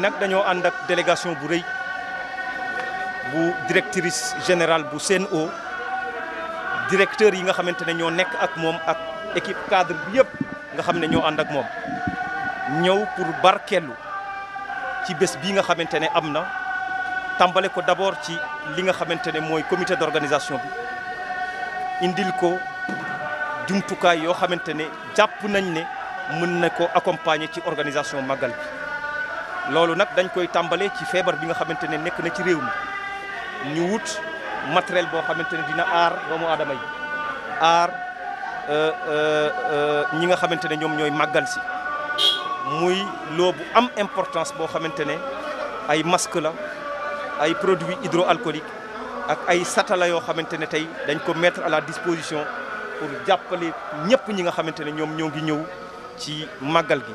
nak dañu and ak délégation bu reuy bu directrice générale bu CNO directeur yi nga xamantene ño nek ak mom ak équipe cadre bi yépp nga xamné ño and ak mom ñew pour barkelu ci bës bi nga xamantene amna, tambalé ko d'abord ci li nga xamantene moy comité d'organisation bi indil ko jumtukaay yo xamantene japp nañ né mën na ko accompagner ci organisation magal bi loolu nak dañ koy tambalé ci fièvre bi nga xamantene nek na ci réew ñu wut matériel boo xamante ne dina aar doomu aadama euh, euh euh ñi nga xamantene ñom ñoy magal ci muy lo bu am importance bo xamantene ay masque la ay produits hydroalcooliques ak ay satala yo xamantene tay dañ ko mettre à la disposition pour jàppale ñepp ñi nga xamantene ñom ñoom ñoo ngi ñëw ci magal gi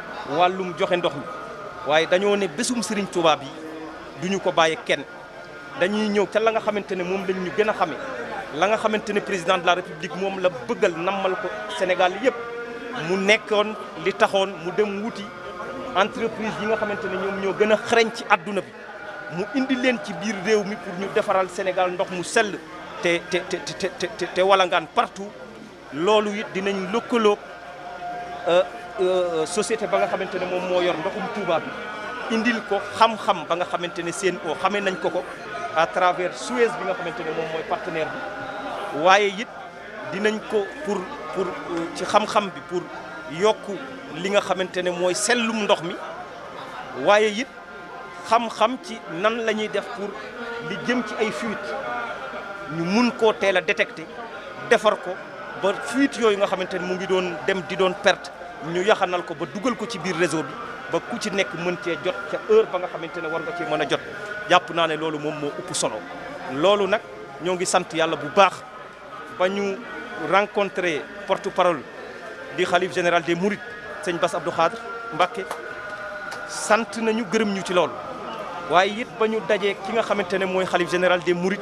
wàllum joxe ndox mi waaye dañoo ne bésum Serigne Touba bi duñu ko bàyyi kenn dañuy ñëw ca la nga xamante ne moom lañ ñu gën a xamee la nga xamante ne président de la république moom la bëggal nammal ko Sénégal yëpp mu nekkoon li taxoon mu dem wuti entreprise yi nga xamante ne ñoom ñoo gën a xarañ ci àdduna bi mu indi leen ci biir réew mi pour ñu defaral Sénégal ndox mu sell te te te te te walangaan partout loolu it dinañ lëkkaloog. Euh, Euh, euh, société ba nga xamante ne moom moo yor ndoxum Touba indil ko xam-xam ba nga xamante ne seen o xamee nañ ko ko à travers Suez bi nga xamante ne moom mooy partenaire bi waaye it dinañ ko pour pour euh, ci xam-xam bi pour yokk li nga xamante ne mooy sellum ndox mi waaye it xam-xam ci nan la ñuy def pour li jëm ci ay fuite ñu mun koo teel a détecter defar ko ba fuite yooyu nga xamante ne mu ngi doon dem di doon perte ñu yaxanal ko ba dugal ko ci biir réseau bi ba ku ci nekk mën cee jot ca heure ba nga xamante ne war nga cee mën a jot jàpp naa ne loolu moom moo ëpp solo loolu nag ñoo ngi sant yàlla bu baax ba ñu rencontré porte parole di xalif général des Mourides sëñ Bass Abdou Khadre Mbacké sant nañu gërëm ñu ci loolu waaye it ba ñu dajee ki nga xamante ne mooy xalif général des Mourides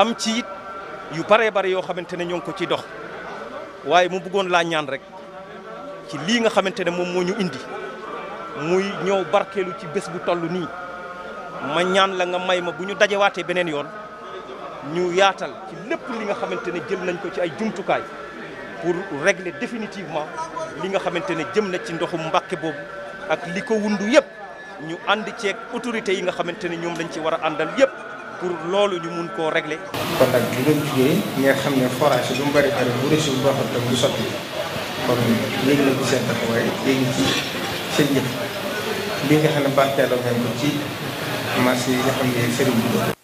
am ci it yu baree bare yoo xamante ne ñoo ngi ko ciy dox waaye mu bëggoon laa ñaan rek ci lii nga xamante ne moom moo ñu indi muy ñëw barkeelu ci bés bu toll nii ma ñaan la nga may ma bu ñu dajewaatee beneen yoon ñu yaatal ci lépp li nga xamante ne jël nañ ko ci ay jumtukaay pour régler définitivement li nga xamante ne jëm na ci ndoxum Mbàkke boobu ak li ko wundu yëpp ñu ànd ceeg autorités yi nga xamante ne ñoom lañ ci war a àndal yëpp. pour loolu ñu mun koo régler. kon nag bu nga jugee nga xam ne forage bi mu bëri bëri bu réseau bi baaxul tam du sotti kon léegi la ci seen taxawaay léegi ci seen jëf li nga xam ne barkeeloo ngeen ko ci marché yi nga xam ne sëriñ bi